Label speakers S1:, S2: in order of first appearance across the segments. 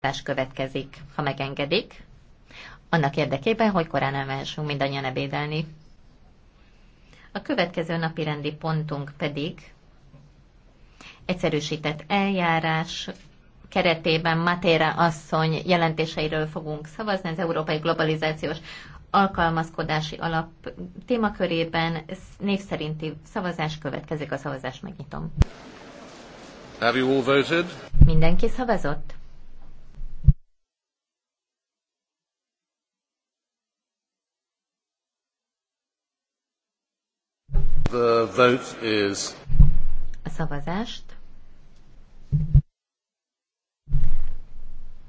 S1: tás következik, ha megengedik, annak érdekében, hogy korán elmehessünk mindannyian ebédelni. A következő napi rendi pontunk pedig egyszerűsített eljárás keretében Matéra asszony jelentéseiről fogunk szavazni az Európai Globalizációs Alkalmazkodási Alap témakörében. Név szerinti szavazás következik, a szavazást megnyitom.
S2: Have you all voted?
S1: Mindenki szavazott? The vote is... A szavazást.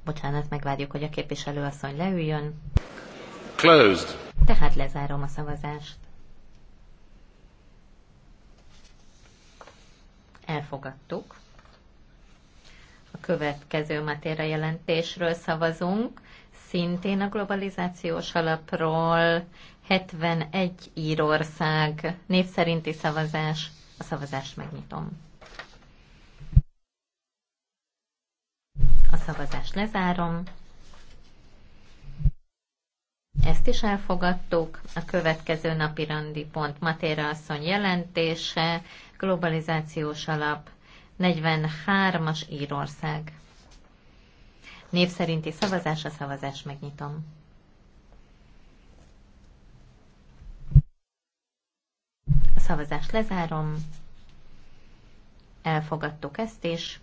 S1: Bocsánat, megvárjuk, hogy a képviselőasszony leüljön. Closed. Tehát lezárom a szavazást. Elfogadtuk. A következő Matéra jelentésről szavazunk szintén a globalizációs alapról 71 Írország név szerinti szavazás. A szavazást megnyitom. A szavazást lezárom. Ezt is elfogadtuk. A következő napi randi pont Matéra asszony jelentése, globalizációs alap, 43-as Írország. Név szerinti szavazás, a szavazás megnyitom. A szavazást lezárom. Elfogadtuk ezt is.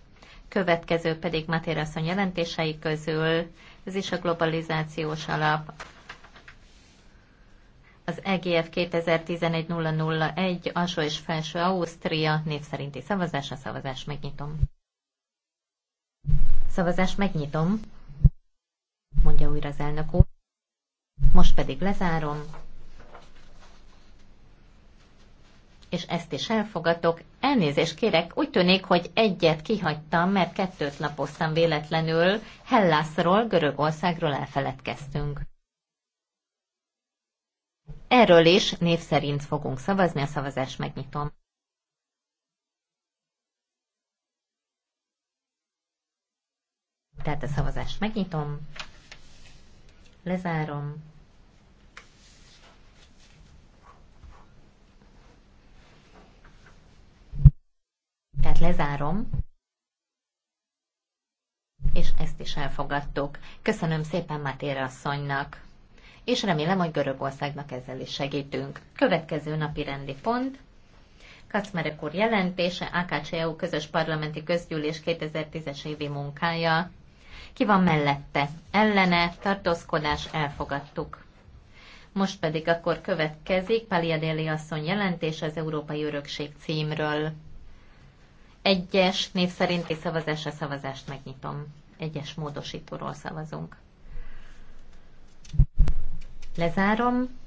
S1: Következő pedig Matérasszony jelentései közül, ez is a globalizációs alap, az e EGF 2011-001 alsó és felső Ausztria név szerinti szavazás, a szavazás megnyitom. Szavazás megnyitom, mondja újra az elnök úr. Most pedig lezárom, és ezt is elfogadok. Elnézést kérek, úgy tűnik, hogy egyet kihagytam, mert kettőt lapoztam véletlenül. Hellászról, Görögországról elfeledkeztünk. Erről is név szerint fogunk szavazni, a szavazást megnyitom. tehát a szavazást megnyitom, lezárom, tehát lezárom, és ezt is elfogadtuk. Köszönöm szépen Mátére asszonynak, és remélem, hogy Görögországnak ezzel is segítünk. Következő napi rendi pont – Kacmerek úr jelentése, AKCEU közös parlamenti közgyűlés 2010-es évi munkája. Ki van mellette? Ellene, tartózkodás, elfogadtuk. Most pedig akkor következik Déli asszony jelentés az Európai Örökség címről. Egyes név szerinti szavazásra szavazást megnyitom. Egyes módosítóról szavazunk. Lezárom.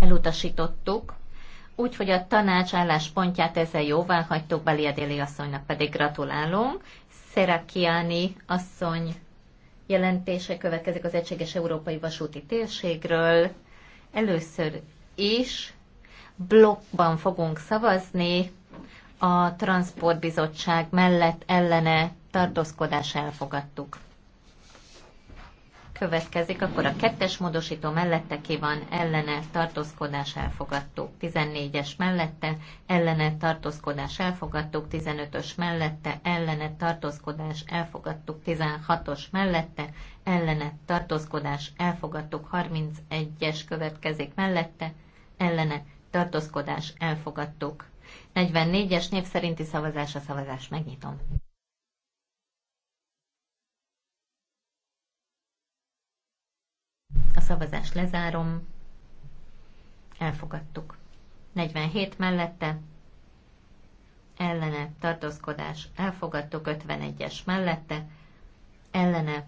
S1: Elutasítottuk. Úgyhogy a tanács álláspontját ezzel jóvá hagytuk, Belia Déli asszonynak pedig gratulálunk. Szerakiáni asszony jelentése következik az Egységes Európai Vasúti Térségről. Először is blokkban fogunk szavazni a Transportbizottság mellett ellene tartózkodás elfogadtuk következik, akkor a kettes módosító mellette ki van, ellene tartózkodás elfogadtuk. 14-es mellette, ellene tartózkodás elfogadtuk. 15-ös mellette, ellene tartózkodás elfogadtuk. 16-os mellette, ellene tartózkodás elfogadtuk. 31-es következik mellette, ellene tartózkodás elfogadtuk. 44-es név szerinti szavazás a szavazás megnyitom. szavazást lezárom. Elfogadtuk. 47 mellette, ellene, tartózkodás, elfogadtuk. 51-es mellette, ellene,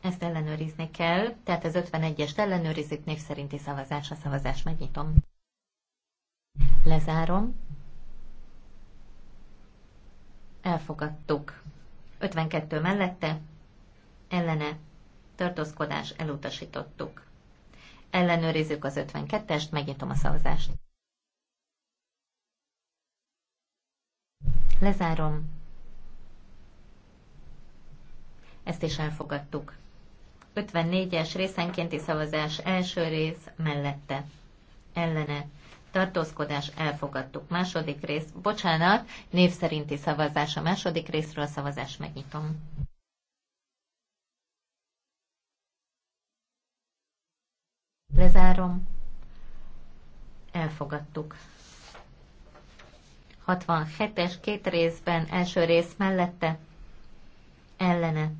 S1: ezt ellenőrizni kell, tehát az 51-est ellenőrizzük név szerinti szavazás, a szavazás megnyitom. Lezárom. Elfogadtuk. 52 mellette, ellene, tartózkodás elutasítottuk. Ellenőrizzük az 52-est, megnyitom a szavazást. Lezárom. Ezt is elfogadtuk. 54-es részenkénti szavazás első rész mellette. Ellene. Tartózkodás elfogadtuk. Második rész. Bocsánat, név szerinti szavazás a második részről a szavazást megnyitom. Lezárom. Elfogadtuk. 67-es két részben, első rész mellette, ellene,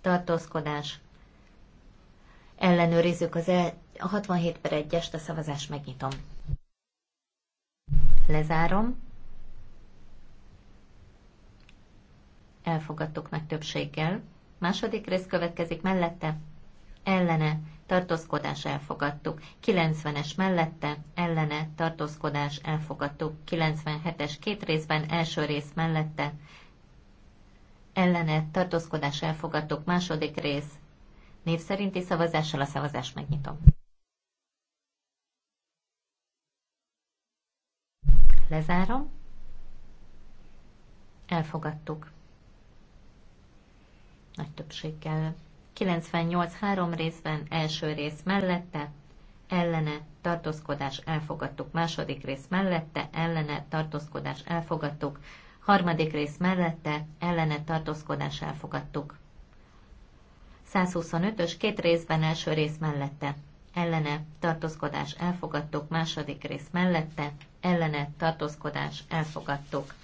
S1: tartózkodás. Ellenőrizzük az el, a 67 per 1-est, a szavazást megnyitom. Lezárom. Elfogadtuk meg többséggel. Második rész következik mellette, ellene, tartózkodás elfogadtuk. 90-es mellette, ellene, tartózkodás elfogadtuk. 97-es két részben, első rész mellette, ellene, tartózkodás elfogadtuk. Második rész, név szerinti szavazással a szavazást megnyitom. Lezárom. Elfogadtuk. Nagy többséggel 98 három részben, első rész mellette, ellene, tartózkodás elfogadtuk, második rész mellette, ellene, tartózkodás elfogadtuk, harmadik rész mellette, ellene, tartózkodás elfogadtuk. 125-ös két részben, első rész mellette, ellene, tartózkodás elfogadtuk, második rész mellette, ellene, tartózkodás elfogadtuk.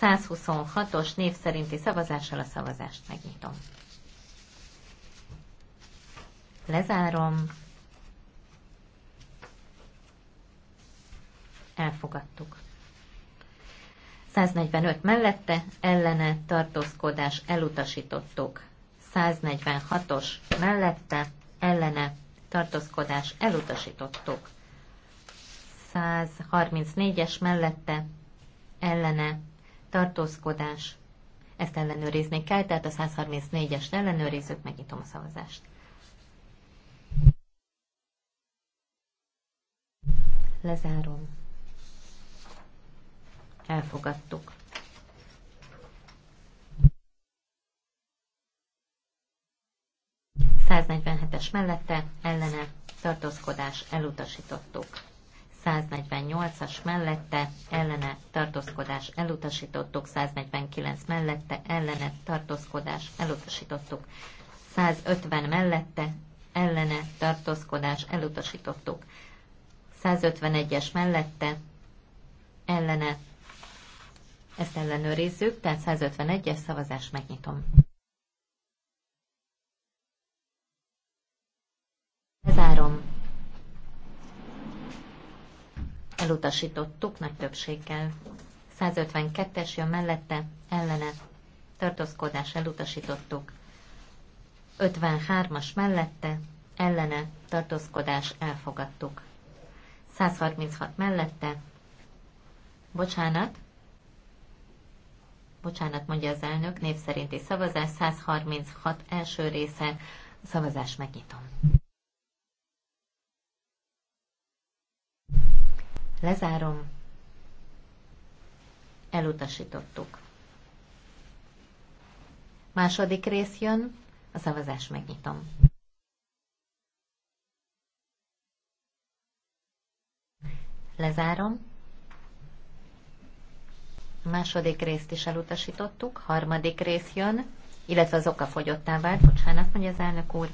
S1: 126-os név szerinti szavazással a szavazást megnyitom. Lezárom. Elfogadtuk. 145 mellette ellene tartózkodás elutasítottuk. 146-os mellette ellene tartózkodás elutasítottuk. 134-es mellette ellene tartózkodás. Ezt ellenőrizni kell, tehát a 134-est ellenőrizzük, megnyitom a szavazást. Lezárom. Elfogadtuk. es mellette, ellene, tartózkodás, elutasítottuk. 148-as mellette, ellene, tartózkodás, elutasítottuk. 149 mellette, ellene, tartózkodás, elutasítottuk. 150 mellette, ellene tartózkodás elutasítottuk. 151-es mellette ellene. Ezt ellenőrizzük, tehát 151-es szavazás megnyitom. Bezárom. Elutasítottuk nagy többséggel. 152-es jön mellette, ellene. Tartózkodás elutasítottuk. 53-as mellette, ellene. Tartózkodás elfogadtuk. 136 mellette. Bocsánat. Bocsánat, mondja az elnök, név szerinti szavazás, 136 első része, szavazás megnyitom. Lezárom. Elutasítottuk. Második rész jön, a szavazás megnyitom. Lezárom. A második részt is elutasítottuk, harmadik rész jön, illetve az oka fogyottá vált, bocsánat, mondja az elnök úr.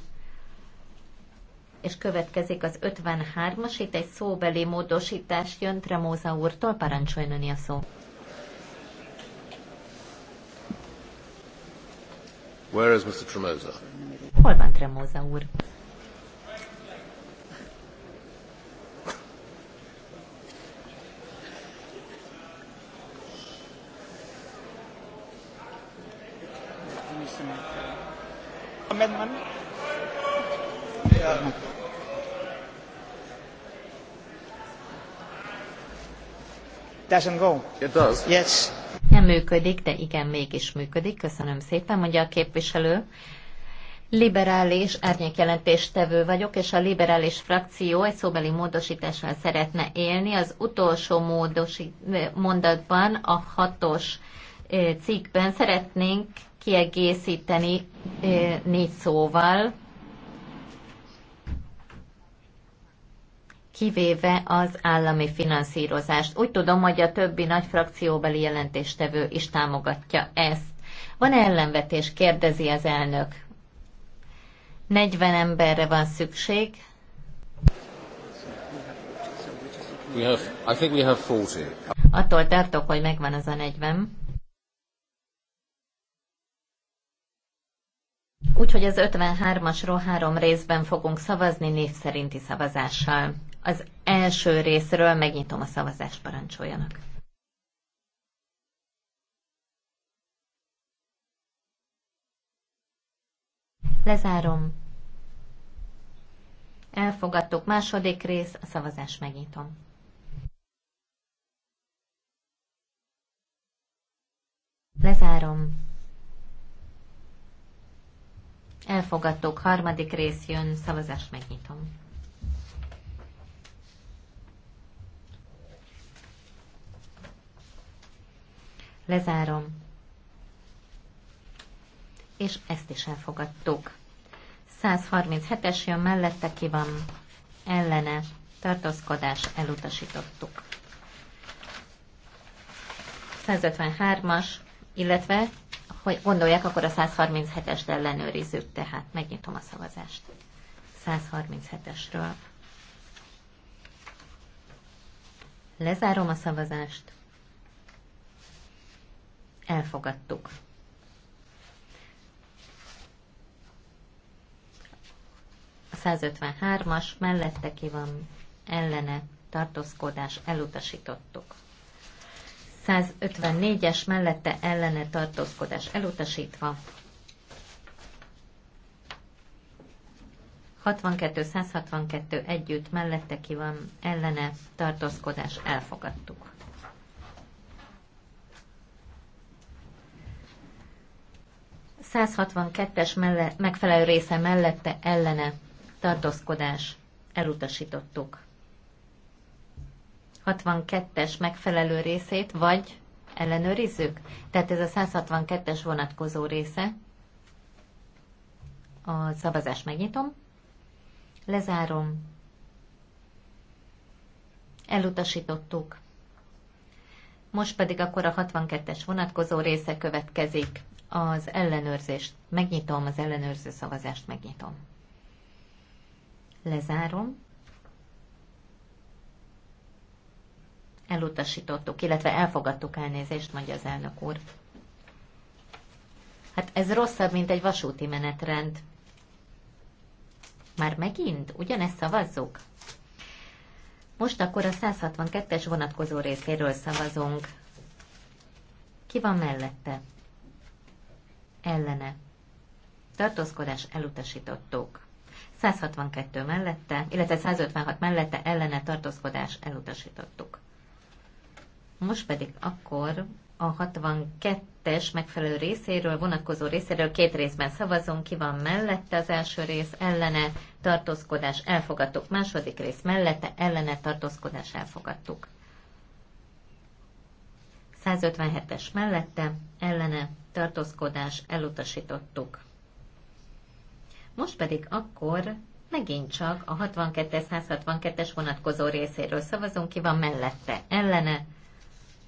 S1: És következik az 53-as, itt egy szóbeli módosítás jön Tremóza úrtól, parancsoljon a szó. Where is Mr. Tremosa? Hol van Tremosa úr? doesn't go. It does. Yes. Nem működik, de igen, mégis működik. Köszönöm szépen, mondja a képviselő. Liberális árnyékjelentéstevő vagyok, és a liberális frakció egy szóbeli módosítással szeretne élni. Az utolsó módosít, eh, mondatban, a hatos eh, cikkben szeretnénk kiegészíteni eh, négy szóval, kivéve az állami finanszírozást. Úgy tudom, hogy a többi nagy frakcióbeli jelentéstevő is támogatja ezt. Van -e ellenvetés? kérdezi az elnök. 40 emberre van szükség.
S2: We have, I think we have 40.
S1: Attól tartok, hogy megvan az a 40. Úgyhogy az 53-asról három részben fogunk szavazni név szerinti szavazással. Az első részről megnyitom a szavazást, parancsoljanak. Lezárom. Elfogadtuk második rész, a szavazás megnyitom. Lezárom. Elfogadtuk. Harmadik rész jön. Szavazást megnyitom. Lezárom. És ezt is elfogadtuk. 137-es jön mellette, ki van ellene, tartózkodás, elutasítottuk. 153-as, illetve hogy gondolják, akkor a 137-est ellenőrizzük, tehát megnyitom a szavazást. 137-esről. Lezárom a szavazást. Elfogadtuk. A 153-as mellette ki van ellene tartózkodás, elutasítottuk. 154-es mellette ellene tartózkodás elutasítva. 62-162 együtt mellette ki van ellene tartózkodás elfogadtuk. es megfelelő része mellette ellene tartózkodás elutasítottuk. 162-es megfelelő részét, vagy ellenőrizzük? Tehát ez a 162-es vonatkozó része. A szavazást megnyitom, lezárom, elutasítottuk. Most pedig akkor a 62-es vonatkozó része következik. Az ellenőrzést megnyitom, az ellenőrző szavazást megnyitom. Lezárom. elutasítottuk, illetve elfogadtuk elnézést, mondja az elnök úr. Hát ez rosszabb, mint egy vasúti menetrend. Már megint? Ugyanezt szavazzuk? Most akkor a 162-es vonatkozó részéről szavazunk. Ki van mellette? Ellene. Tartózkodás elutasítottuk. 162 mellette, illetve 156 mellette ellene tartózkodás elutasítottuk. Most pedig akkor a 62-es megfelelő részéről, vonatkozó részéről két részben szavazunk, ki van mellette az első rész, ellene tartózkodás elfogadtuk, második rész mellette, ellene tartózkodás elfogadtuk. 157-es mellette, ellene tartózkodás elutasítottuk. Most pedig akkor megint csak a 62-es, 162-es vonatkozó részéről szavazunk, ki van mellette, ellene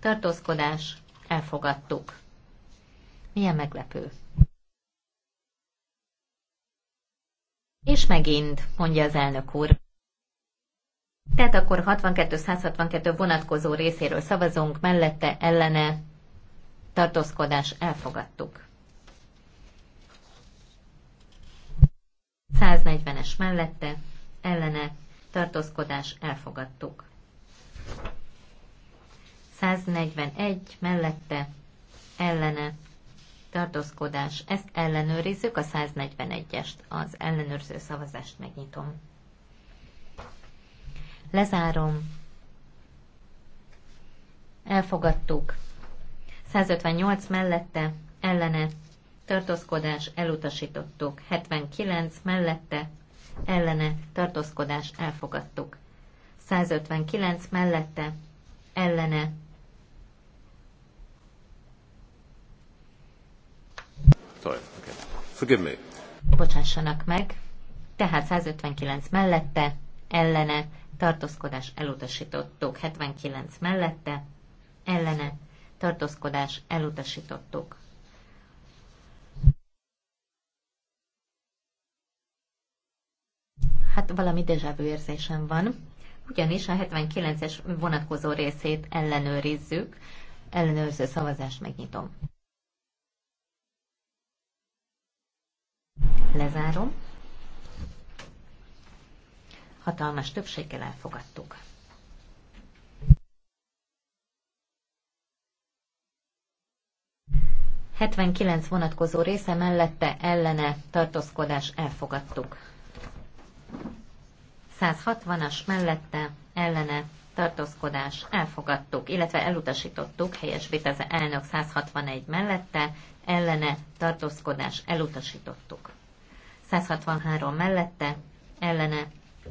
S1: tartózkodás, elfogadtuk. Milyen meglepő. És megint, mondja az elnök úr. Tehát akkor 62-162 vonatkozó részéről szavazunk, mellette, ellene, tartózkodás, elfogadtuk. 140-es mellette, ellene, tartózkodás, elfogadtuk. 141 mellette ellene tartózkodás. Ezt ellenőrizzük, a 141-est, az ellenőrző szavazást megnyitom. Lezárom. Elfogadtuk. 158 mellette ellene tartózkodás elutasítottuk. 79 mellette ellene tartózkodás elfogadtuk. 159 mellette ellene
S2: Sorry, okay. Forgive me.
S1: Bocsássanak meg. Tehát 159 mellette, ellene, tartózkodás elutasítottuk. 79 mellette, ellene, tartózkodás elutasítottuk. Hát valami dejavű érzésem van, ugyanis a 79-es vonatkozó részét ellenőrizzük, ellenőrző szavazást megnyitom. Lezárom. Hatalmas többséggel elfogadtuk. Hetvenkilenc vonatkozó része mellette ellene tartózkodás elfogadtuk. 160-as mellette ellene tartózkodás elfogadtuk, illetve elutasítottuk, helyes, az elnök 161 mellette, ellene tartózkodás elutasítottuk. 163 mellette, ellene,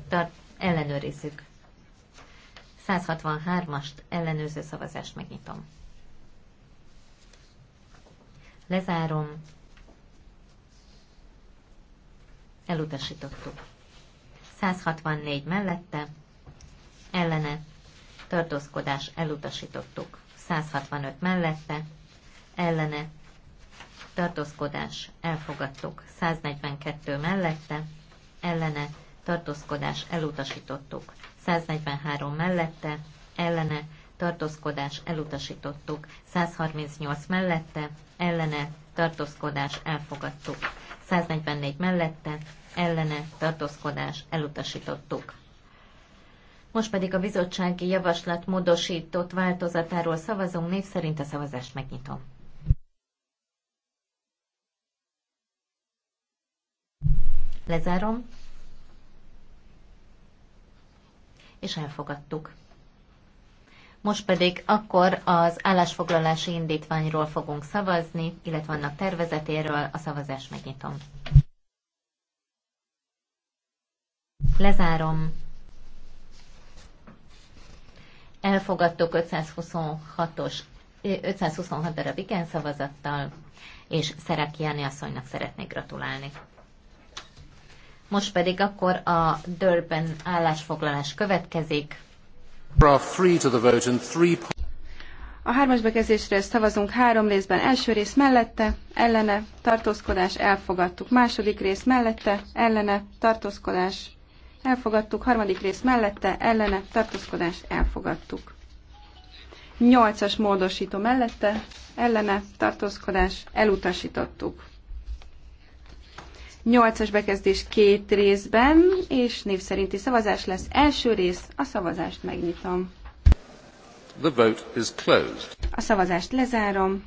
S1: tart, ellenőrizzük. 163-ast ellenőrző szavazást megnyitom. Lezárom. Elutasítottuk. 164 mellette, ellene, tartózkodás elutasítottuk. 165 mellette, ellene, tartózkodás elfogadtuk. 142 mellette, ellene, tartózkodás elutasítottuk. 143 mellette, ellene, tartózkodás elutasítottuk. 138 mellette, ellene, tartózkodás elfogadtuk. 144 mellette, ellene, tartózkodás elutasítottuk. Most pedig a bizottsági javaslat módosított változatáról szavazunk, név szerint a szavazást megnyitom. Lezárom. És elfogadtuk. Most pedig akkor az állásfoglalási indítványról fogunk szavazni, illetve annak tervezetéről a szavazást megnyitom. Lezárom. Elfogadtuk 526-os 526 darab igen szavazattal, és Szerek Jáni asszonynak szeretnék gratulálni. Most pedig akkor a Durban állásfoglalás következik. A hármas bekezdésre
S2: szavazunk három részben. Első rész mellette, ellene, tartózkodás, elfogadtuk. Második rész mellette, ellene, tartózkodás, elfogadtuk. Harmadik rész mellette, ellene, tartózkodás, elfogadtuk. Nyolcas módosító mellette, ellene, tartózkodás, elutasítottuk. Nyolcas bekezdés két részben, és név szerinti szavazás lesz. Első rész, a szavazást megnyitom.
S1: The vote is closed.
S2: A szavazást lezárom.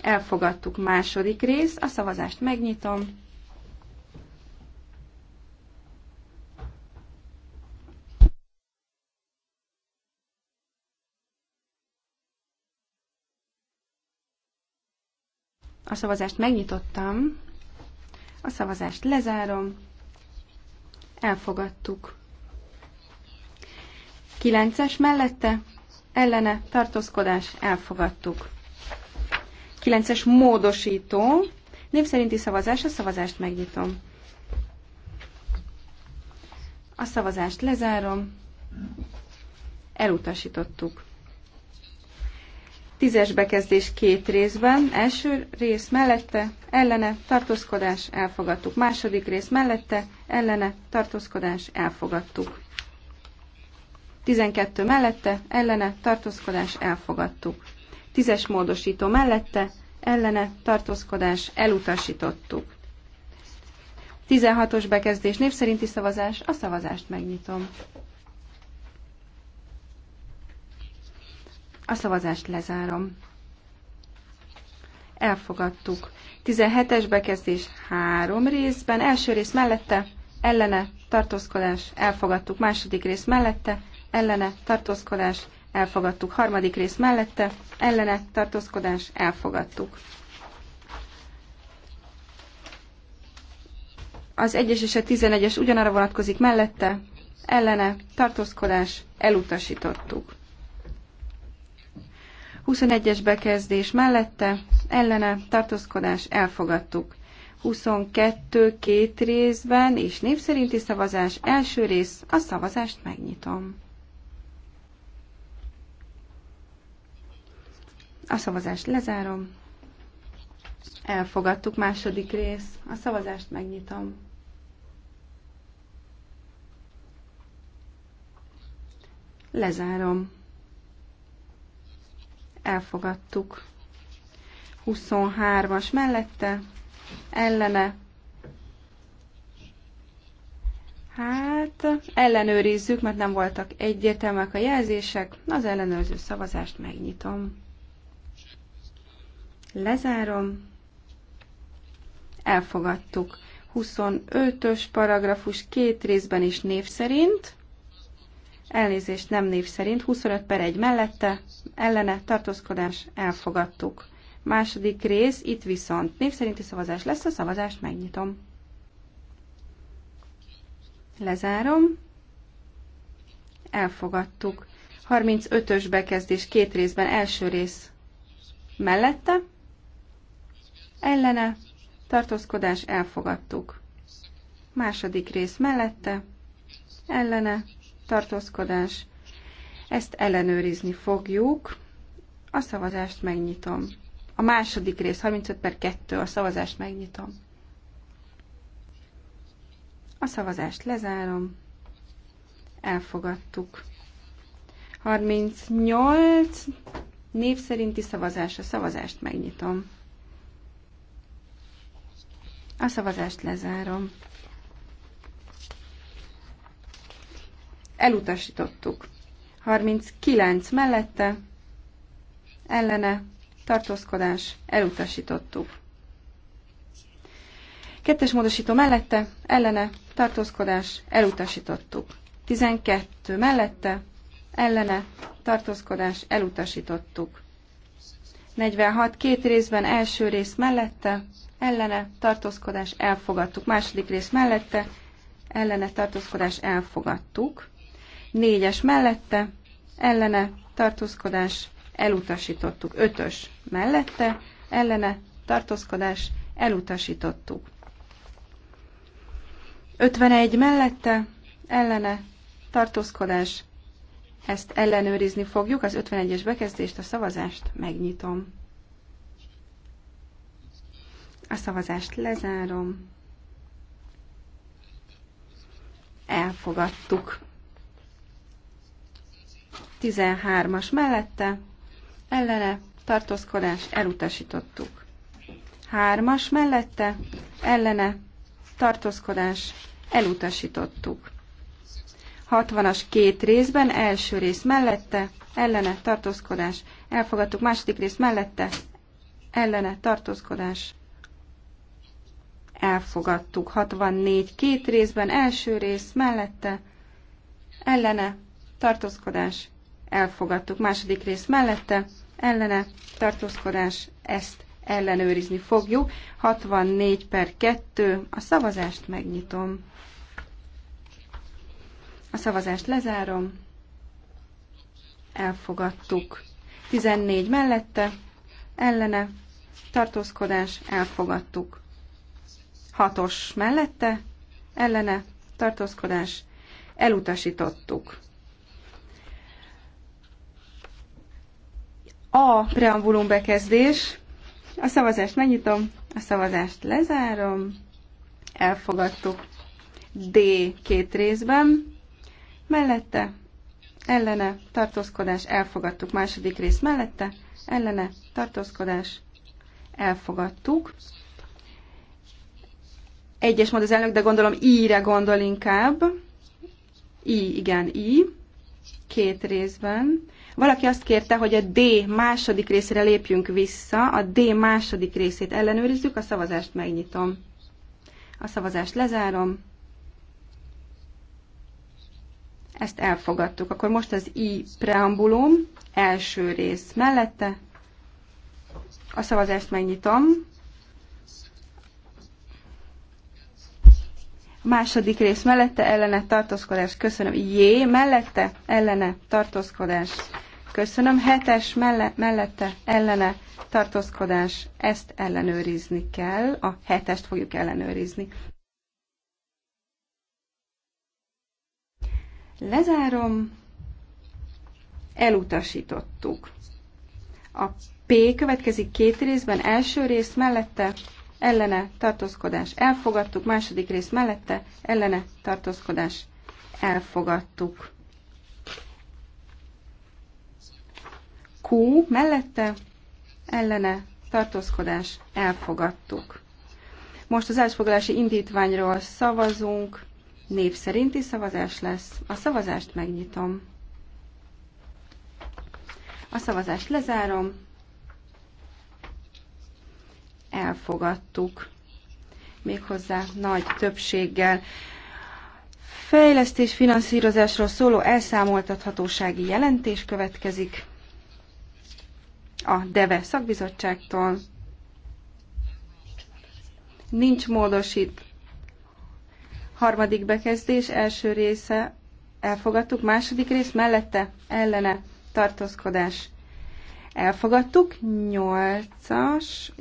S2: Elfogadtuk második rész, a szavazást megnyitom. A szavazást megnyitottam. A szavazást lezárom. Elfogadtuk. 9-es mellette, ellene, tartózkodás, elfogadtuk. 9-es módosító, név szerinti szavazás, a szavazást megnyitom. A szavazást lezárom. Elutasítottuk. Tízes bekezdés két részben, első rész mellette, ellene, tartózkodás, elfogadtuk. Második rész mellette, ellene, tartózkodás, elfogadtuk. 12 mellette, ellene, tartózkodás, elfogadtuk. Tízes módosító mellette, ellene, tartózkodás, elutasítottuk. 16-os bekezdés népszerinti szavazás, a szavazást megnyitom. A szavazást lezárom. Elfogadtuk. 17-es bekezdés három részben. Első rész mellette, ellene, tartózkodás, elfogadtuk. Második rész mellette, ellene, tartózkodás, elfogadtuk. Harmadik rész mellette, ellene, tartózkodás, elfogadtuk. Az 1-es és a 11-es ugyanarra vonatkozik mellette, ellene, tartózkodás, elutasítottuk. 21-es bekezdés mellette, ellene tartózkodás elfogadtuk. 22 két részben és népszerinti szavazás első rész, a szavazást megnyitom. A szavazást lezárom. Elfogadtuk második rész. A szavazást megnyitom. Lezárom elfogadtuk. 23-as mellette, ellene, hát ellenőrizzük, mert nem voltak egyértelműek a jelzések, az ellenőrző szavazást megnyitom. Lezárom, elfogadtuk. 25-ös paragrafus két részben is név szerint elnézést nem név szerint, 25 per 1 mellette, ellene tartózkodás elfogadtuk. Második rész, itt viszont név szerinti szavazás lesz, a szavazást megnyitom. Lezárom. Elfogadtuk. 35-ös bekezdés két részben, első rész mellette, ellene, tartózkodás elfogadtuk. Második rész mellette, ellene, tartózkodás. Ezt ellenőrizni fogjuk. A szavazást megnyitom. A második rész, 35 per 2, a szavazást megnyitom. A szavazást lezárom. Elfogadtuk. 38 név szerinti szavazás. A szavazást megnyitom. A szavazást lezárom. elutasítottuk. 39 mellette, ellene, tartózkodás, elutasítottuk. Kettes módosító mellette, ellene, tartózkodás, elutasítottuk. 12 mellette, ellene, tartózkodás, elutasítottuk. 46 két részben első rész mellette, ellene, tartózkodás, elfogadtuk. Második rész mellette, ellene, tartózkodás, elfogadtuk négyes mellette, ellene, tartózkodás, elutasítottuk. Ötös mellette, ellene, tartózkodás, elutasítottuk. 51 mellette, ellene, tartózkodás, ezt ellenőrizni fogjuk, az 51-es bekezdést, a szavazást megnyitom. A szavazást lezárom. Elfogadtuk. 13-as mellette, ellene, tartózkodás, elutasítottuk. 3-as mellette, ellene, tartózkodás, elutasítottuk. 60-as két részben, első rész mellette, ellene, tartózkodás, elfogadtuk, második rész mellette, ellene, tartózkodás, elfogadtuk. 64 két részben, első rész mellette, ellene, tartózkodás, elfogadtuk. Második rész mellette, ellene, tartózkodás, ezt ellenőrizni fogjuk. 64 per 2, a szavazást megnyitom. A szavazást lezárom. Elfogadtuk. 14 mellette, ellene, tartózkodás, elfogadtuk. 6-os mellette, ellene, tartózkodás, elutasítottuk. A preambulum bekezdés. A szavazást megnyitom, a szavazást lezárom. Elfogadtuk. D két részben. Mellette, ellene, tartózkodás, elfogadtuk. Második rész mellette, ellene, tartózkodás, elfogadtuk. Egyes mond az elnök, de gondolom íre gondol inkább. I, igen, I. Két részben. Valaki azt kérte, hogy a D második részére lépjünk vissza, a D második részét ellenőrizzük, a szavazást megnyitom. A szavazást lezárom. Ezt elfogadtuk. Akkor most az I preambulum, első rész mellette. A szavazást megnyitom. Második rész mellette ellene tartózkodás. Köszönöm. J mellette ellene tartózkodás. Köszönöm. Hetes melle, mellette ellene tartózkodás. Ezt ellenőrizni kell. A hetest fogjuk ellenőrizni. Lezárom. Elutasítottuk. A P következik két részben. Első rész mellette ellene tartózkodás. Elfogadtuk. Második rész mellette ellene tartózkodás. Elfogadtuk. Q mellette ellene tartózkodás elfogadtuk. Most az állásfoglalási indítványról szavazunk, név szerinti szavazás lesz. A szavazást megnyitom. A szavazást lezárom. Elfogadtuk. Méghozzá nagy többséggel. Fejlesztés finanszírozásról szóló elszámoltathatósági jelentés következik a DEVE szakbizottságtól. Nincs módosít. Harmadik bekezdés, első része elfogadtuk, második rész mellette ellene tartózkodás. Elfogadtuk, nyolcas,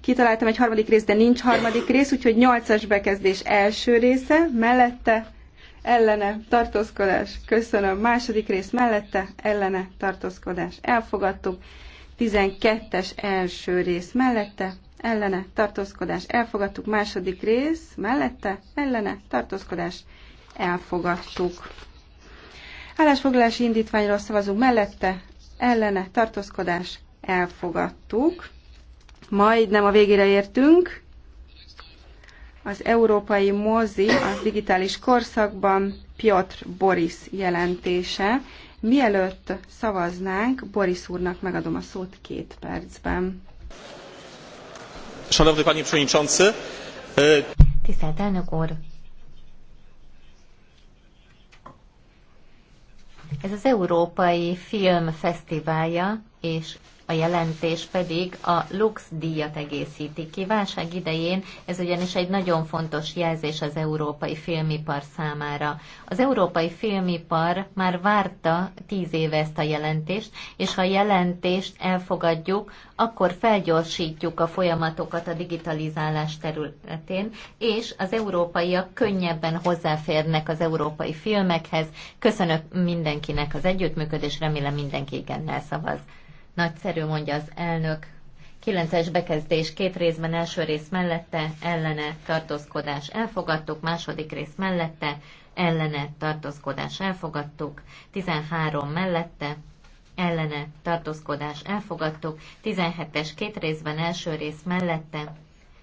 S2: kitaláltam egy harmadik rész, de nincs harmadik rész, úgyhogy nyolcas bekezdés első része, mellette ellene tartózkodás, köszönöm. Második rész mellette, ellene tartózkodás, elfogadtuk. 12-es első rész mellette, ellene tartózkodás, elfogadtuk. Második rész mellette, ellene tartózkodás, elfogadtuk. Állásfoglalási indítványról szavazunk mellette, ellene tartózkodás, elfogadtuk. Majdnem a végére értünk az európai mozi a digitális korszakban Piotr Boris jelentése. Mielőtt szavaznánk, Boris úrnak megadom a szót két percben. Szanowny Panie Przewodniczący! E,
S1: Tisztelt elnök úr! Ez az Európai Film Fesztiválja, és a jelentés pedig a Lux díjat egészíti ki. Válság idején ez ugyanis egy nagyon fontos jelzés az európai filmipar számára. Az európai filmipar már várta tíz éve ezt a jelentést, és ha a jelentést elfogadjuk, akkor felgyorsítjuk a folyamatokat a digitalizálás területén, és az európaiak könnyebben hozzáférnek az európai filmekhez. Köszönök mindenkinek az együttműködést, remélem mindenki igennel szavaz. Nagyszerű, mondja az elnök. Kilences bekezdés két részben, első rész mellette, ellene, tartózkodás elfogadtuk, második rész mellette, ellene, tartózkodás elfogadtuk, 13 mellette, ellene, tartózkodás elfogadtuk, 17-es két részben, első rész mellette,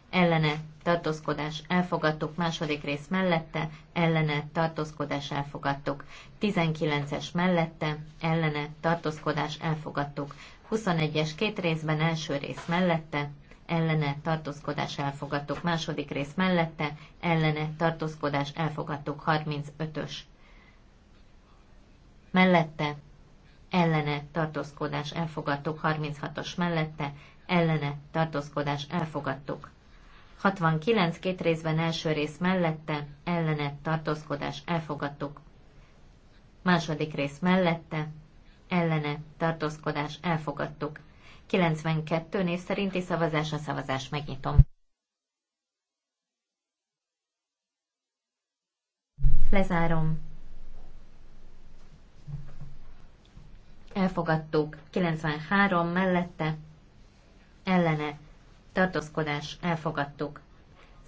S1: ellene, tartózkodás elfogadtuk, második rész mellette, ellene, tartózkodás elfogadtuk, 19-es mellette, ellene, tartózkodás elfogadtuk, 21-es két részben első rész mellette, ellene tartózkodás elfogadtuk, második rész mellette, ellene tartózkodás elfogadtuk, 35-ös mellette, ellene tartózkodás elfogadtuk, 36-os mellette, ellene tartózkodás elfogadtuk. 69 két részben első rész mellette, ellene tartózkodás elfogadtuk. Második rész mellette, ellene tartózkodás elfogadtuk. 92 név szerinti szavazás a szavazás megnyitom. Lezárom. Elfogadtuk. 93 mellette. Ellene. Tartózkodás. Elfogadtuk.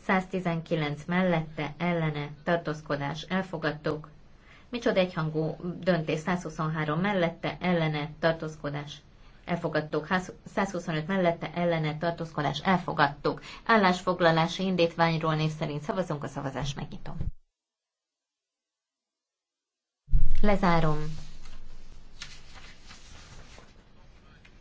S1: 119 mellette. Ellene. Tartózkodás. Elfogadtuk. Micsoda egyhangú döntés 123 mellette ellene tartózkodás elfogadtuk. 125 mellette ellene tartózkodás elfogadtuk. Állásfoglalási indítványról név szerint szavazunk, a szavazás megnyitom. Lezárom.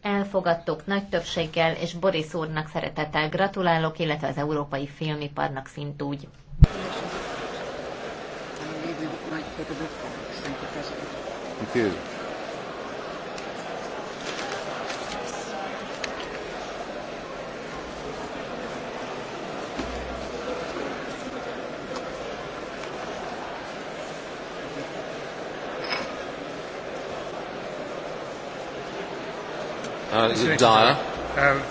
S1: Elfogadtuk nagy többséggel, és Boris úrnak szeretettel gratulálok, illetve az európai filmiparnak szintúgy. Köszönöm for the book bags. Thank
S2: Uh, is it Dyer? Uh,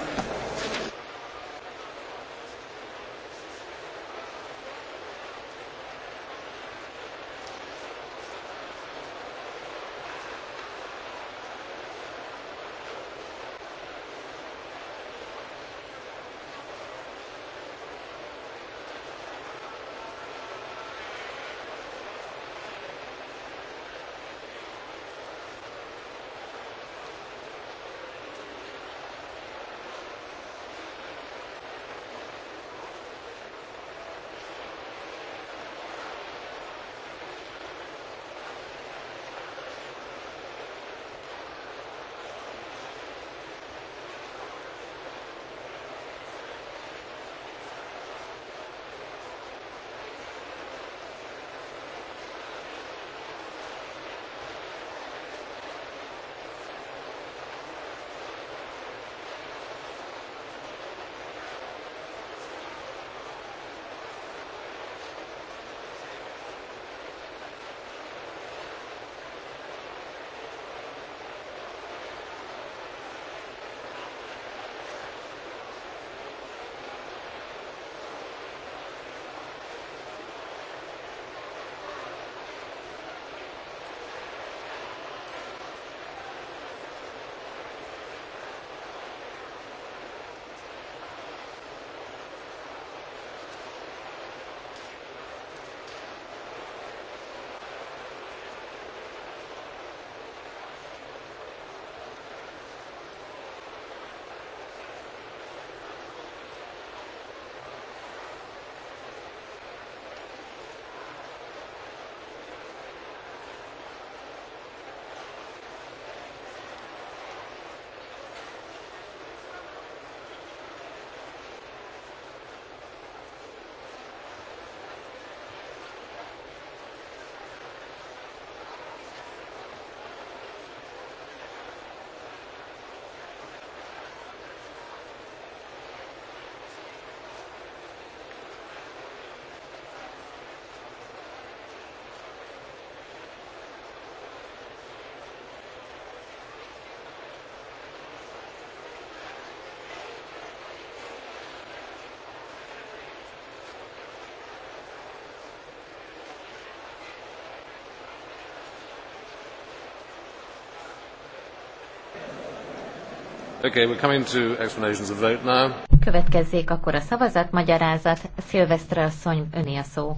S2: Okay, we're coming to explanations of vote now.
S1: Következzék akkor a szavazatmagyarázat. Szilvesztre asszony, öné a szó.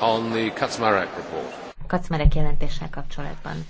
S2: On the Kacmarek report.
S1: Kacmarek jelentéssel kapcsolatban.